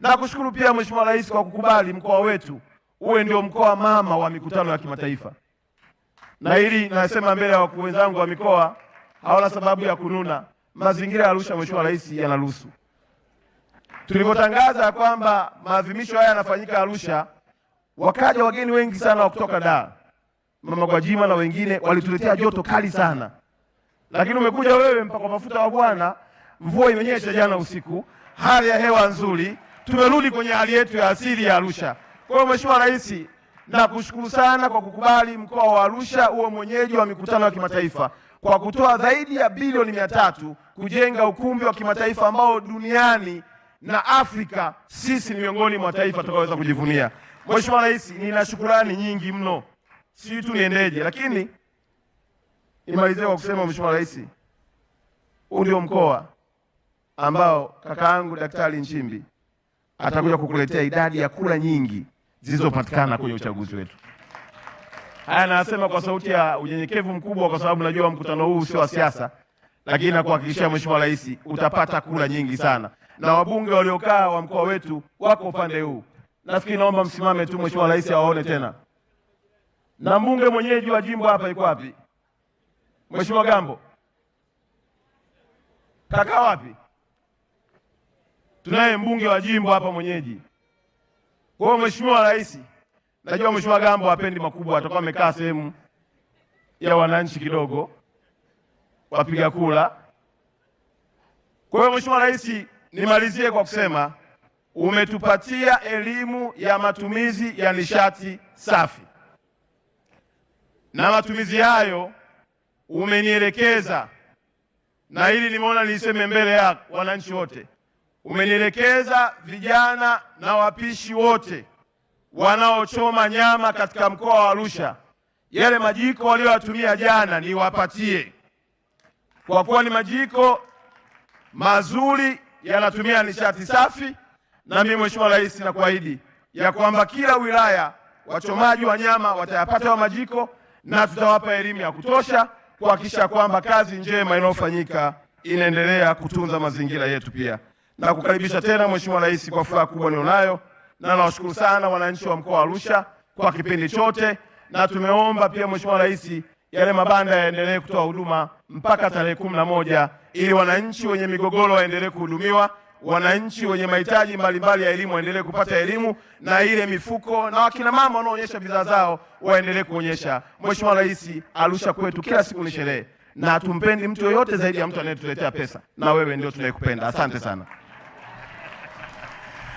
Na kushukuru pia Mheshimiwa Rais kwa kukubali mkoa wetu uwe ndio mkoa mama wa mikutano ya kimataifa, na hili nasema mbele ya wakuu wenzangu wa mikoa, hawana sababu ya kununa. Mazingira ya Arusha, Mheshimiwa Rais, yanaruhusu. Tulivyotangaza kwamba maadhimisho haya yanafanyika Arusha, wakaja wageni wengi sana wa kutoka Dar, Mama Gwajima na wengine, walituletea joto kali sana, lakini umekuja wewe mpaka mafuta wa bwana. Mvua imenyesha jana usiku hali ya hewa nzuri, tumerudi kwenye hali yetu ya asili ya Arusha. Kwa hiyo Mheshimiwa Rais, nakushukuru sana kwa kukubali mkoa wa Arusha uwe mwenyeji wa mikutano ya kimataifa kwa kutoa zaidi ya bilioni mia tatu kujenga ukumbi wa kimataifa ambao duniani na Afrika sisi ni miongoni mwa taifa tutakayoweza kujivunia. Mheshimiwa Rais, nina shukurani nyingi mno, sijui tu niendeje, lakini nimalizie kwa kusema Mheshimiwa Rais, huu ndio mkoa ambao yangu Daktari Nchimbi atakuja kukuletea idadi ya kura nyingi zilizopatikana kwenye uchaguzi wetu. Haya nasema kwa sauti ya unyenyekevu mkubwa, kwa sababu najua mkutano huu sio wa siasa, lakini nakuhakikishia Mheshimiwa Rais utapata kura nyingi sana, na wabunge waliokaa wa mkoa wetu wako upande huu. Nafikiri naomba msimame tu, Mheshimiwa Rais awaone tena. Na mbunge mwenyeji wa jimbo hapa yuko wapi? Mheshimiwa Gambo kaka wapi? tunaye mbunge wa jimbo hapa mwenyeji. Kwa hiyo Mheshimiwa Rais, najua Mheshimiwa Gambo hapendi makubwa, atakuwa amekaa sehemu ya wananchi kidogo, wapiga kula Kwa hiyo Mheshimiwa Rais, nimalizie kwa kusema umetupatia elimu ya matumizi ya nishati safi, na matumizi hayo umenielekeza, na hili nimeona niliseme mbele ya wananchi wote umenielekeza vijana na wapishi wote wanaochoma nyama katika mkoa wa Arusha, yale majiko waliyoyatumia jana niwapatie, kwa kuwa ni majiko mazuri, yanatumia nishati safi. Na mimi Mheshimiwa Rais, nakuahidi ya kwamba kila wilaya wachomaji wa nyama watayapata wa majiko na tutawapa elimu ya kutosha kuhakikisha kwamba kazi njema inayofanyika inaendelea kutunza mazingira yetu pia na kukaribisha tena Mheshimiwa Rais kwa furaha kubwa nilionayo, na nawashukuru sana wananchi wa mkoa wa Arusha kwa kipindi chote, na tumeomba pia Mheshimiwa Rais yale mabanda yaendelee kutoa huduma mpaka tarehe kumi na moja ili wananchi wenye migogoro waendelee kuhudumiwa, wananchi wenye mahitaji mbalimbali ya elimu waendelee kupata elimu, na ile mifuko na wakina mama wanaoonyesha bidhaa zao waendelee kuonyesha. Mheshimiwa Rais, Arusha kwetu kila siku ni sherehe, na tumpendi mtu yoyote zaidi ya mtu anayetuletea pesa, na wewe ndio tunayekupenda. Asante sana.